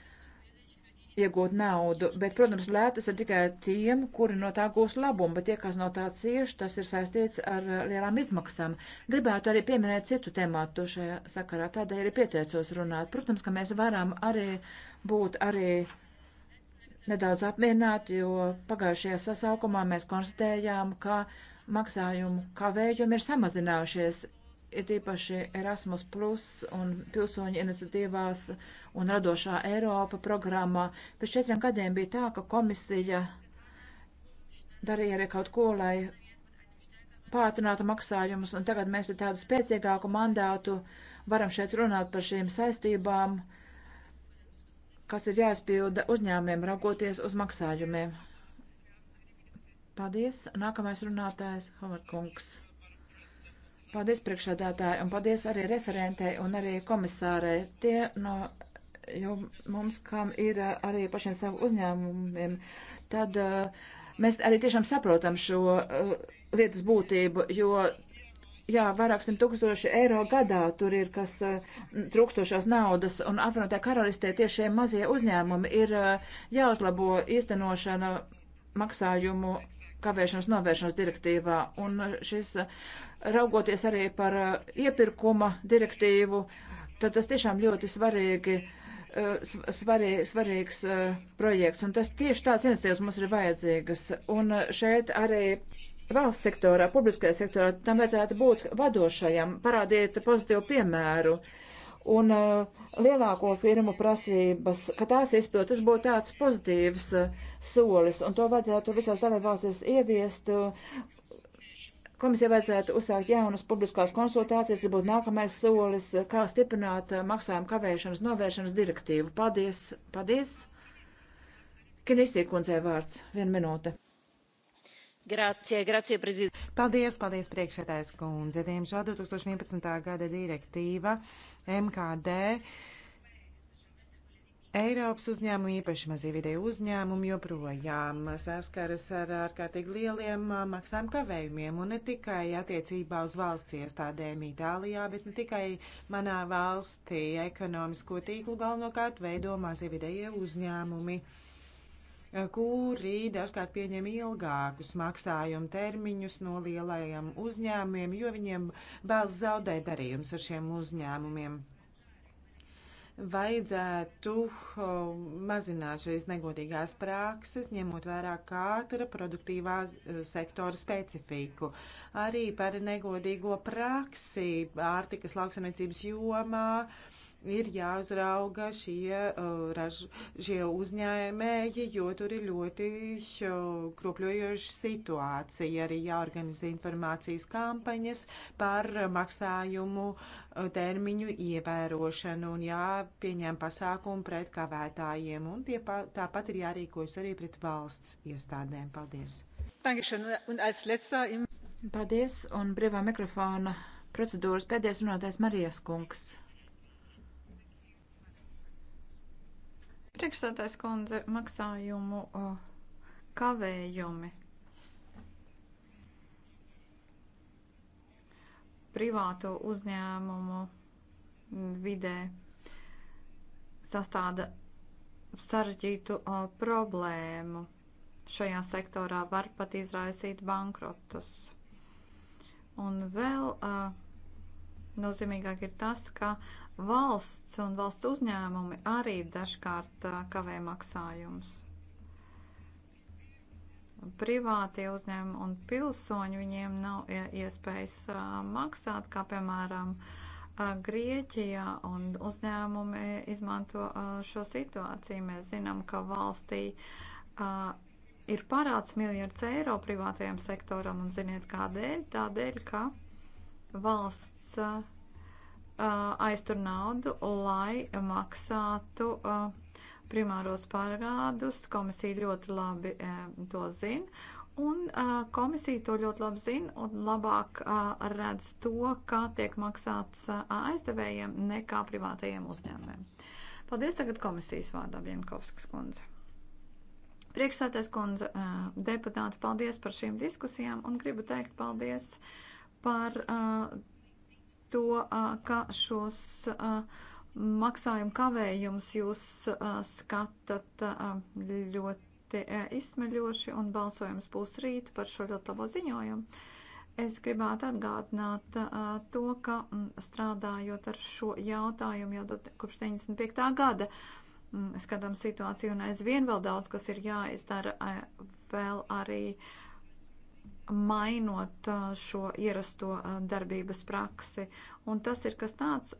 iegūt naudu, bet, protams, lētas ir tikai tiem, kuri no tā gūs labumu, bet tie, kas no tā cieši, tas ir saistīts ar eh, lielām izmaksām. Gribētu arī pieminēt citu tematu šajā sakarā, tādēļ arī pieteicos runāt. Protams, ka mēs varam arī būt arī nedaudz apmierināti, jo pagājušajā sasaukumā mēs konstatējām, ka maksājumu kavējumi ir samazinājušies ir tīpaši Erasmus Plus un pilsoņu iniciatīvās un radošā Eiropa programmā. Pēc četriem gadiem bija tā, ka komisija darīja arī kaut ko, lai pātrinātu maksājumus, un tagad mēs ar tādu spēcīgāku mandātu varam šeit runāt par šīm saistībām, kas ir jāizpilda uzņēmiem, raugoties uz maksājumiem. Paldies. Nākamais runātājs Hamar Kungs. Paldies priekšādātāji un paldies arī referentei un arī komisārai. Tie no jo mums, kam ir eh, arī pašiem savu uzņēmumiem, tad uh, mēs arī tiešām saprotam šo uh, lietas būtību, jo, jā, vairāk simt tūkstoši eiro gadā tur ir kas uh, trūkstošās naudas, un apvienotā karalistē tieši šie mazie uzņēmumi ir jāuzlabo īstenošana maksājumu kavēšanas novēršanas direktīvā. Un šis raugoties arī par eh, iepirkuma direktīvu, tad tas tiešām ļoti svarīgi, eh, svarī, svarīgs eh, projekts. Un tas tieši tāds iniciatīvas mums ir vajadzīgas. Un šeit arī valsts sektorā, publiskajā sektorā, tam vajadzētu būt vadošajam, parādīt pozitīvu piemēru. Uh, un uh, lielāko firmu prasības, ka tās izpild, tas būtu tāds pozitīvs uh, solis, un to vajadzētu visās dalībvalstīs ieviest. Uh, komisija vajadzētu uzsākt jaunas publiskās konsultācijas, ja būtu nākamais solis, uh, kā stiprināt uh, maksājumu kavēšanas novēršanas direktīvu. Paldies! Paldies! Kinisī kundzei vārds. Viena minūte. Grācie, grācie, prezident. Paldies, paldies, priekšsēdājas kundze. Diemžēl 2011. gada direktīva MKD. Eiropas uzņēmumi, īpaši mazie vidēji uzņēmumi, joprojām saskaras ar ārkārtīgi lieliem uh, maksājuma kavējumiem, un ne tikai attiecībā uz valsts iestādēm Itālijā, bet ne tikai manā valstī ekonomisko tīklu galvenokārt veido mazie vidējie uzņēmumi kuri dažkārt pieņem ilgākus maksājumu termiņus no lielajiem uzņēmumiem, jo viņiem bāz zaudēt darījums ar šiem uzņēmumiem. Vajadzētu mazināt šīs negodīgās prakses, ņemot vērā katra produktīvā e, sektora specifiku. Arī par negodīgo praksi ārtikas lauksaimniecības jomā uh, ir jāuzrauga šie, uh, raž, šie uzņēmēji, jo tur ir ļoti uh, kropļojoša situācija. Arī jāorganizē informācijas kampaņas par maksājumu uh, termiņu ievērošanu un jāpieņem pasākumu pret kavētājiem. Un tie pa, tāpat ir jārīkojas arī pret valsts iestādēm. Paldies! Paldies! Un brīvā mikrofona procedūras pēdējais runātais Marijas kungs. Priekšsēdētājs kundze maksājumu kavējumi. Privāto uzņēmumu vidē sastāda sarežģītu uh, problēmu. Šajā sektorā var pat izraisīt bankrotus. Un vēl uh, nozīmīgāk ir tas, ka valsts un valsts uzņēmumi arī dažkārt kavē maksājumus. Privātie uzņēmumi un pilsoņi viņiem nav iespējas maksāt, kā piemēram Grieķijā, un uzņēmumi izmanto šo situāciju. Mēs zinām, ka valstī ir parāds miljards eiro privātajam sektoram, un ziniet kādēļ? Tādēļ, ka valsts uh, aiztur naudu, lai maksātu uh, primāros parādus. Komisija ļoti labi uh, to zina. Un komisija to ļoti labi zina un labāk redz to, kā tiek maksāts aizdevējiem nekā privātajiem uzņēmumiem. Paldies tagad komisijas vārdā, Vienkovskas kundze. Priekšsētais kundze, deputāti, paldies par šīm diskusijām un gribu teikt paldies uh, par uh, to, uh, ka šos uh, maksājumu kavējumus jūs uh, skatat uh, ļoti uh, izsmeļoši un balsojums būs rīt par šo ļoti labo ziņojumu. Es gribētu atgādināt uh, to, ka m, strādājot ar šo jautājumu jau kopš 95. gada, m, skatām situāciju un aizvien vēl daudz, kas ir jāizdara, vēl arī uh, mainot šo ierasto darbības praksi. Un tas ir kas tāds,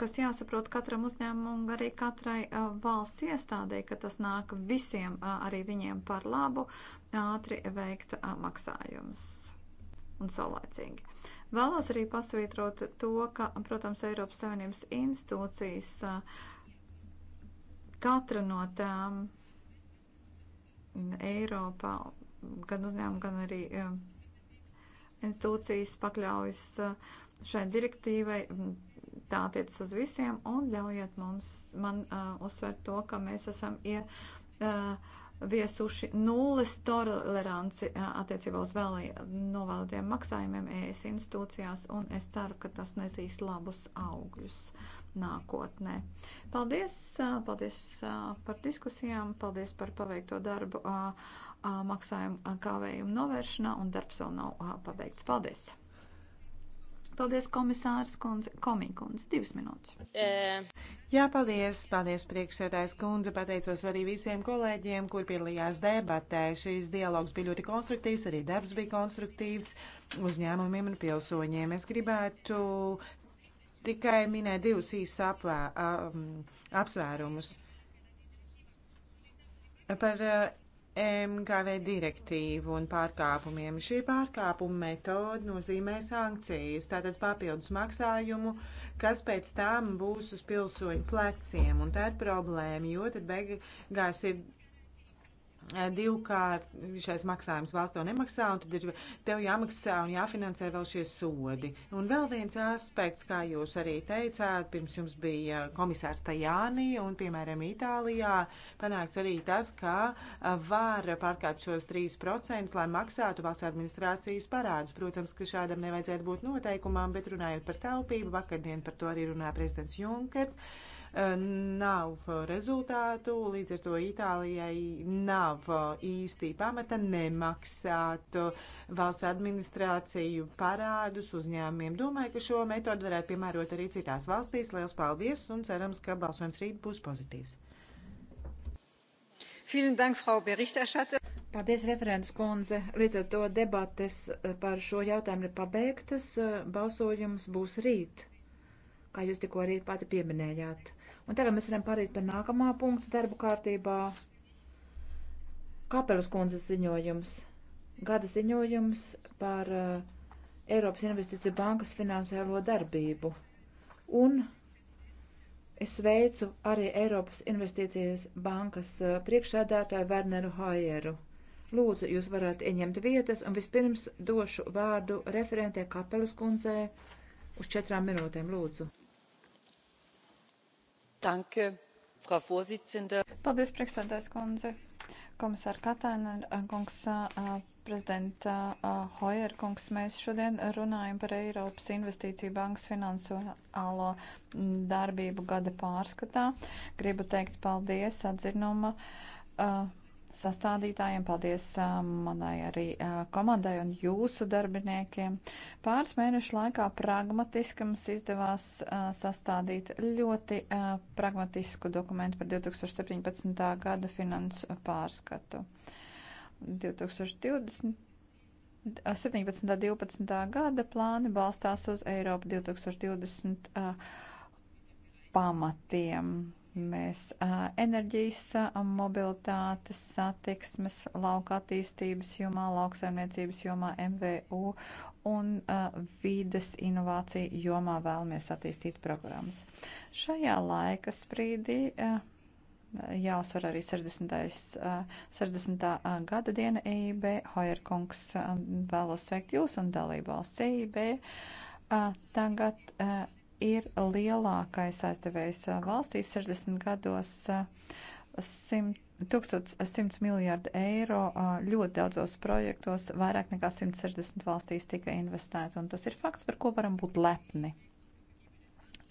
kas jāsaprot katram uzņēmumam, arī katrai valsts iestādē, ka tas nāk visiem, arī viņiem par labu, ātri veikt maksājumus un saulēcīgi. Vēlos arī pasvītrot to, ka, protams, Eiropas Savienības institūcijas katra no tām Eiropā, gan uzņēmumu, gan arī institūcijas pakļaujas uh, šai direktīvai, tā attiecas uz visiem, un ļaujiet mums, man uh, uzsvert to, ka mēs esam ie. Uh, viesuši nulles toleranci uh, attiecībā uz novēlotiem maksājumiem ES institūcijās, un es ceru, ka tas nesīs labus augļus nākotnē. Paldies, uh, paldies par diskusijām, paldies par paveikto darbu maksājumu kavējumu novēršanā, un darbs vēl nav pabeigts. Paldies! Paldies, komisārs kundze, komija kundze, divas minūtes. E... Jā, paldies, paldies priekšsēdājas kundze, pateicos arī visiem kolēģiem, kur piedalījās debatē. Šīs dialogs bija ļoti konstruktīvs, arī darbs bija konstruktīvs uzņēmumiem un pilsoņiem. Es gribētu tikai minēt divus īsus apvēr, um, apsvērumus. Par uh, MGV direktīvu un pārkāpumiem. Šī pārkāpuma metoda nozīmē sankcijas, tātad papildus maksājumu, kas pēc tam būs uz pilsoņu pleciem, un tā ir problēma, jo tad beigās ir Eh, divkārt šais maksājums valsts to nemaksā, un tad ir tev jāmaksā un jāfinansē vēl šie sodi. Un vēl viens aspekts, kā jūs arī teicāt, pirms jums bija komisārs Tajāni, un, piemēram, Itālijā panāks arī tas, ka eh, var pārkāpt šos 3%, lai maksātu valsts administrācijas parādus. Protams, ka šādam nevajadzētu būt noteikumam, bet runājot par taupību, vakardien par to arī runāja prezidents Junkers nav rezultātu, līdz ar to Itālijai nav īstī pamata nemaksāt valsts administrāciju parādus uzņēmumiem. Domāju, ka šo metodu varētu piemērot arī citās valstīs. Liels paldies un cerams, ka balsojums rīt būs pozitīvs. Paldies, referents kundze. Līdz ar to debates par šo jautājumu ir pabeigtas. Balsojums būs rīt, kā jūs tikko arī pati pieminējāt. Un tagad mēs varam pārīt par nākamā punktu darbu kārtībā. Kapelas kundzes ziņojums. Gada ziņojums par uh, Eiropas Investīciju bankas finansiālo darbību. Un es sveicu arī Eiropas Investīcijas bankas uh, priekšsēdētāju Werneru Hajeru. Lūdzu, jūs varat ieņemt vietas un vispirms došu vārdu referentē Kapelas kundzē uz četrām minūtēm. Lūdzu. Danke, Frau Vorsitzende. Paldies, priekšsēdājas kundze. Komisāra Kataina eh, kungs, eh, prezidenta eh, Hojer kungs, mēs šodien runājam par Eiropas investīciju bankas finansuālo mm, darbību gada pārskatā. Gribu teikt paldies atzinuma. Uh, sastādītājiem, paldies manai arī komandai un jūsu darbiniekiem. Pāris mēnešu laikā pragmatiski mums izdevās sastādīt ļoti pragmatisku dokumentu par 2017. gada finansu pārskatu. 2020. 17. 12. gada plāni balstās uz Eiropu 2020 pamatiem Mēs enerģijas, mobilitātes, satiksmes, lauka attīstības jomā, lauksaimniecības jomā, MVU un vides inovāciju jomā vēlamies attīstīt programmas. Šajā laika sprīdī jāsver arī 60. 60. gada diena EIB. Hojerkungs vēlas sveikt jūs un dalībvalsts EIB. Tagad ir lielākais aizdevējs valstī 60 gados. 100 1100 miljārdu eiro ļoti daudzos projektos, vairāk nekā 160 valstīs tika investēta, un tas ir fakts, par ko varam būt lepni.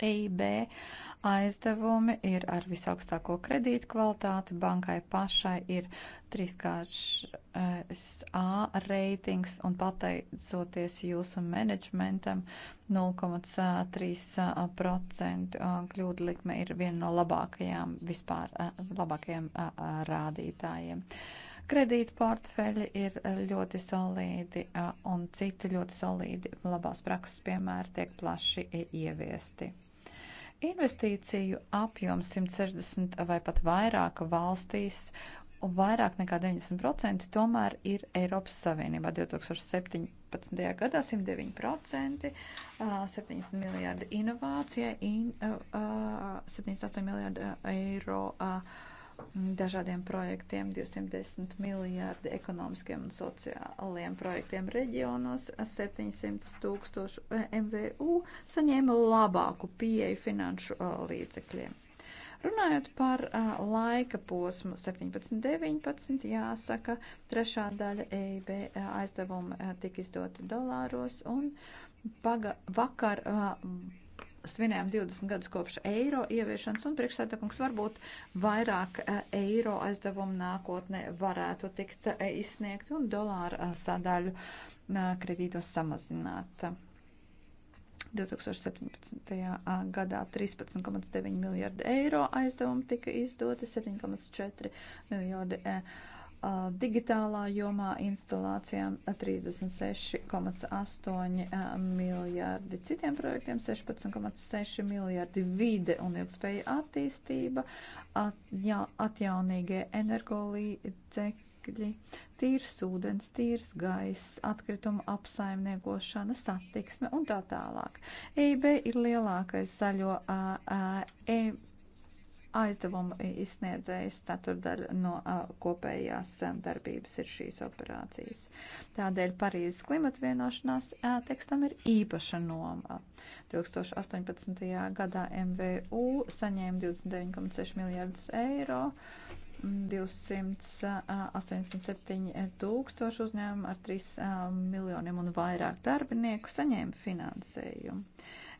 EIB aizdevumi ir ar visaugstāko kredītu kvalitāti. Bankai pašai ir trīskāršs eh, A reitings un pateicoties jūsu menedžmentam 0,3% eh, kļūda likme ir viena no labākajām vispār eh, labākajiem rādītājiem kredīta portfeļi ir ļoti solīdi un citi ļoti solīdi labās prakses piemēri tiek plaši ieviesti. Investīciju apjoms 160 vai pat vairāk valstīs un vairāk nekā 90% tomēr ir Eiropas Savienībā. 2017. gadā 109%, 70 miljārdi inovācijai, 78 miljārdi eiro. Uh, dažādiem projektiem, 210 miljārdi ekonomiskiem un sociāliem projektiem reģionos, 700 tūkstošu eh, MVU saņēma labāku pieeju finanšu eh, līdzekļiem. Runājot par uh, laika posmu 17-19, jāsaka, trešā daļa EIB aizdevuma tika izdota dolāros un paga, vakar uh, svinējam 20 gadus kopš eiro ieviešanas, un priekšsēdētājs varbūt vairāk e, eiro aizdevumu nākotnē varētu tikt e, izsniegt un dolāra e, sadaļu kredītos samazināt. 2017. gadā 13,9 miljardi eiro aizdevumi tika izdoti, 7,4 miljardi eiro Uh, digitālā jomā instalācijām 36,8 uh, miljārdi, citiem projektiem 16,6 miljārdi, vide un ilgspēja attīstība, atja, atjaunīgie energolīdzekļi, tīrs ūdens, tīrs gaiss, atkrituma apsaimniekošana, satiksme un tā tālāk. EIB ir lielākais zaļo uh, uh, e aizdevumu izsniedzējs ceturdaļa no kopējās darbības ir šīs operācijas. Tādēļ Parīzes klimata vienošanās tekstam ir īpaša noma. 2018. gadā MVU saņēma 29,6 miljardus eiro. 287 tūkstoši uzņēmumu ar 3 miljoniem un vairāk darbinieku saņēma finansējumu.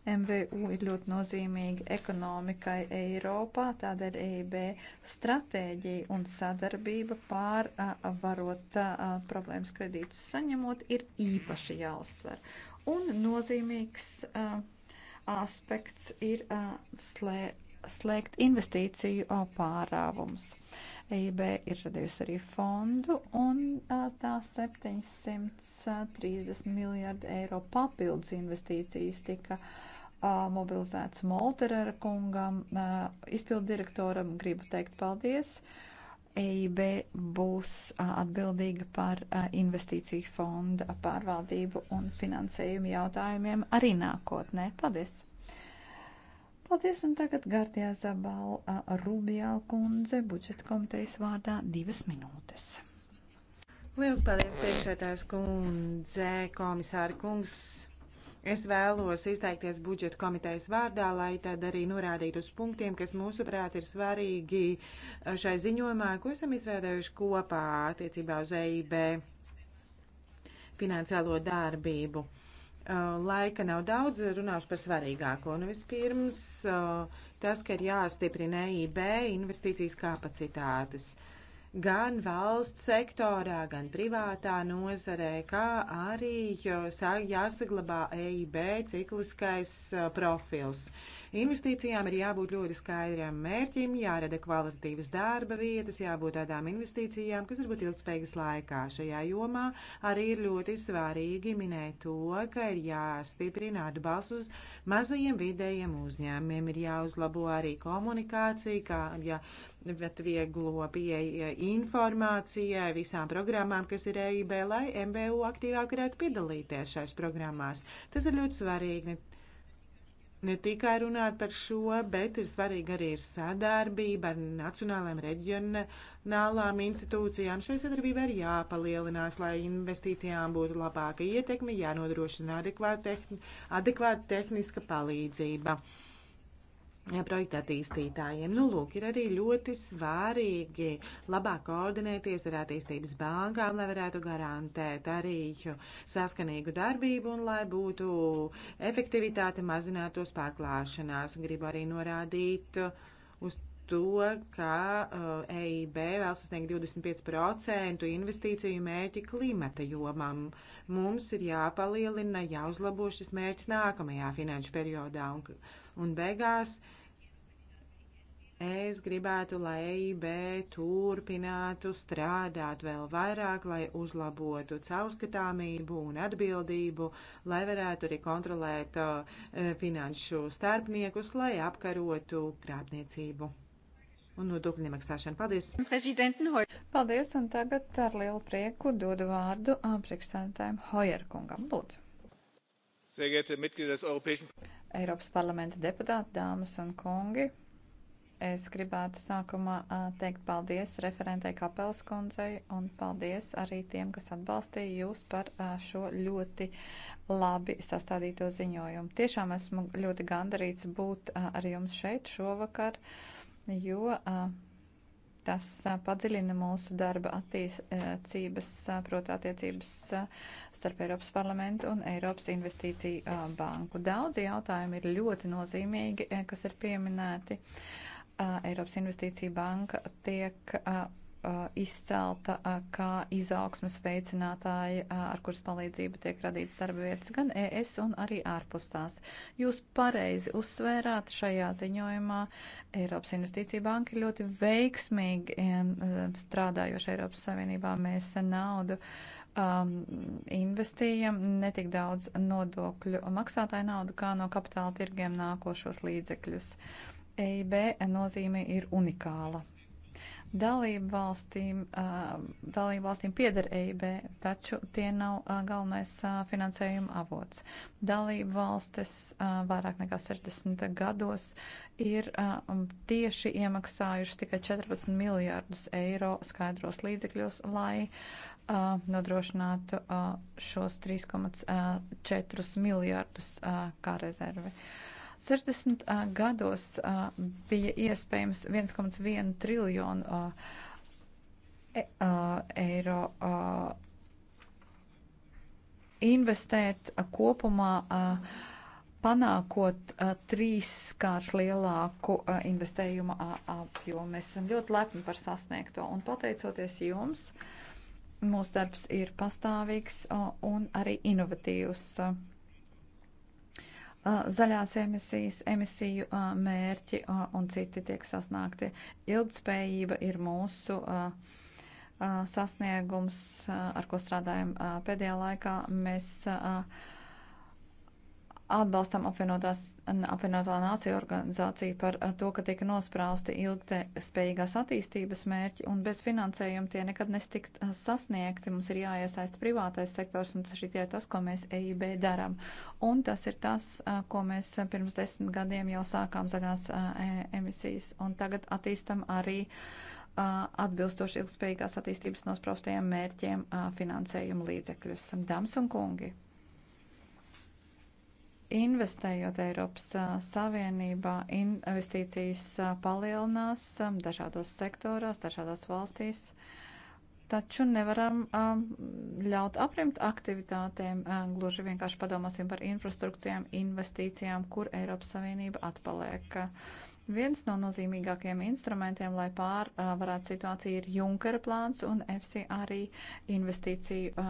MVU ir ļoti nozīmīgi ekonomikai Eiropā, tādēļ EIB stratēģija un sadarbība pārvarot problēmas kredītus saņemot ir īpaši jāuzsver. Un nozīmīgs a, aspekts ir a, slē, slēgt investīciju pārāvumus. EIB ir radījusi arī fondu, un tā 730 miljārdu eiro papildus investīcijas tika uh, mobilizēts Molterera kungam, izpildu direktoram gribu teikt paldies. EIB būs atbildīga par investīciju fonda pārvaldību un finansējumu jautājumiem arī nākotnē. Paldies! Paldies, un tagad Gardijā Zabala Rubjāla kundze budžeta komitejas vārdā divas minūtes. Liels paldies, priekšētājs kundze, komisāri kungs, Es vēlos izteikties budžeta komitejas vārdā, lai tad arī norādītu uz punktiem, kas mūsuprāt ir svarīgi eh, šai ziņojumā, ko esam izrādējuši kopā attiecībā uz EIB finansiālo darbību. Eh, laika nav daudz, runāšu par svarīgāko. Nu, vispirms eh, tas, ka ir jāstiprina EIB investīcijas kapacitātes. Uh, gan valsts sektorā, gan privātā nozarē, kā arī jāsaglabā EIB cikliskais uh, profils. Investīcijām ir jābūt ļoti skaidram mērķim, jārada kvalitatīvas darba vietas, jābūt tādām investīcijām, kas varbūt ilgspējīgas laikā. Šajā jomā arī ir ļoti svarīgi minēt to, ka ir jāstiprina atbalsts uz mazajiem vidējiem uzņēmumiem, ir jāuzlabo arī komunikācija, kā, ja, jā, bet vieglo pieeja informācijai, visām programmām, kas ir EIB, lai MVU aktīvāk varētu piedalīties šais programmās. Tas ir ļoti svarīgi. Ne tikai runāt par šo, bet ir svarīgi arī ir sadarbība ar nacionālām reģionālām institūcijām. Šai sadarbībai ir jāpalielinās, lai investīcijām būtu labāka ietekme, jānodrošina adekvāta tehn adekvāt tehniska palīdzība. Uh, projekta attīstītājiem. Nu, lūk, ir arī ļoti svarīgi labāk koordinēties ar attīstības bankām, lai varētu garantēt arī saskanīgu darbību un lai būtu efektivitāte mazinātos pārklāšanās. Gribu arī norādīt uz to, ka uh, eh, EIB vēl sasniegt 25% investīciju mērķi klimata jomam. Mums ir jāpalielina, jāuzlabo šis mērķis nākamajā finanšu periodā. Un, Un beigās es gribētu, lai EIB turpinātu strādāt vēl vairāk, lai uzlabotu caurskatāmību un atbildību, lai varētu arī kontrolēt uh, eh, finanšu starpniekus, lai apkarotu krāpniecību un nodokļu nemaksāšanu. Paldies! Paldies, un tagad ar lielu prieku dodu vārdu uh, priekšsēdētājiem Hojerkungam. Lūdzu! Eiropas parlamenta deputāti, dāmas un kungi. Es gribētu sākumā teikt paldies referentei Kapels kundzei un paldies arī tiem, kas atbalstīja jūs par šo ļoti labi sastādīto ziņojumu. Tiešām esmu ļoti gandarīts būt ar jums šeit šovakar, jo Tas padziļina mūsu darba attiecības, proti attiecības starp Eiropas parlamentu un Eiropas investīciju banku. Daudzi jautājumi ir ļoti nozīmīgi, kas ir pieminēti. Eiropas investīcija banka tiek Uh, izcelta uh, kā izaugsmas veicinātāji, uh, ar kuras palīdzību tiek radīts darba vietas gan ES un arī ārpus tās. Jūs pareizi uzsvērāt šajā ziņojumā Eiropas Investīcija Banka ļoti veiksmīgi um, strādājoši Eiropas Savienībā. Mēs naudu um, investējam netik daudz nodokļu maksātāju naudu, kā no kapitāla tirgiem nākošos līdzekļus. EIB nozīme ir unikāla Dalību valstīm, dalību valstīm pieder EIB, taču tie nav galvenais finansējuma avots. Dalību valstis vairāk nekā 60 gados ir tieši iemaksājuši tikai 14 miljārdus eiro skaidros līdzekļos, lai nodrošinātu šos 3,4 miljārdus kā rezervi. 60. gados bija iespējams 1,1 triljonu e, eiro investēt kopumā panākot uh, trīskārš lielāku uh, investējumu apjomu. Mēs esam ļoti lepni par sasniegto un pateicoties jums, mūsu darbs ir pastāvīgs uh, un arī inovatīvs. Uh, zaļās emisijas, emisiju mērķi un citi tiek sasniegti. Ilgtspējība ir mūsu sasniegums, ar ko strādājam pēdējā laikā. Mēs Atbalstam apvienotās, apvienotā nācija organizāciju par to, ka tika nosprausti ilgte spējīgās attīstības mērķi un bez finansējuma tie nekad nestikt sasniegti. Mums ir jāiesaist privātais sektors un tas ir tas, ko mēs EIB darām. Un tas ir tas, ko mēs pirms desmit gadiem jau sākām zaļās e, emisijas un tagad attīstam arī atbilstoši ilgspējīgās attīstības nospraustajiem mērķiem finansējumu līdzekļus. Dāmas un kungi! Investējot Eiropas Savienībā, investīcijas palielinās dažādos sektorās, dažādās valstīs, taču nevaram ļaut aprimt aktivitātēm, gluži vienkārši padomāsim par infrastrukcijām, investīcijām, kur Eiropas Savienība atpaliek. Viens no nozīmīgākajiem instrumentiem, lai pārvarētu situāciju, ir Junkera plāns un EFSI arī investīciju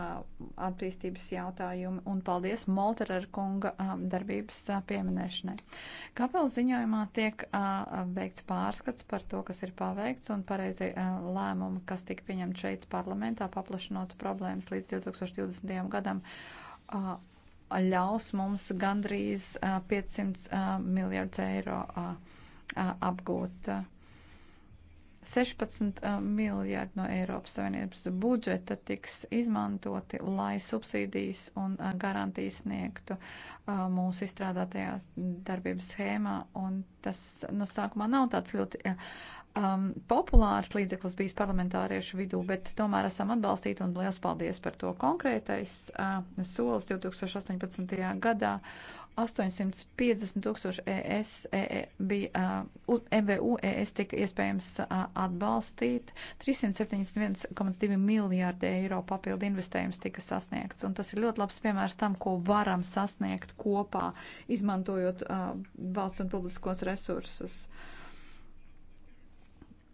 attīstības jautājumi. Un paldies Molterer kunga darbības pieminēšanai. Kapela ziņojumā tiek veikts pārskats par to, kas ir paveikts un pareizi lēmumi, kas tika pieņemti šeit parlamentā, paplašinot problēmas līdz 2020. gadam ļaus mums gandrīz 500 miljardus eiro apgūt. 16 miljārdi no Eiropas Savienības budžeta tiks izmantoti, lai subsīdijas un garantijas sniegtu mūsu izstrādātajās darbības schēmā. Un tas no nu, sākumā nav tāds ļoti um, populārs līdzeklis bijis parlamentāriešu vidū, bet tomēr esam atbalstīti un liels paldies par to konkrētais uh, solis 2018. gadā. Uh, 850 tūkstoši ES e, e, bija, uh, MVU ES e tika iespējams uh, atbalstīt, 371,2 miljārdi eiro papildu investējums tika sasniegts, un tas ir ļoti labs piemērs tam, ko varam sasniegt kopā, izmantojot uh, valsts un publiskos resursus.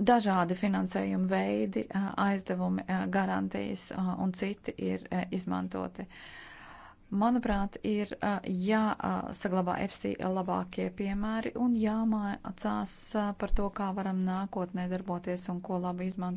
Dažādi finansējuma veidi, aizdevumi, garantijas un citi ir izmantoti. Uh, Manuprāt, ir jāsaglabā FC labākie piemēri un jāmācās par to, kā varam nākotnē darboties un ko labi izmantot.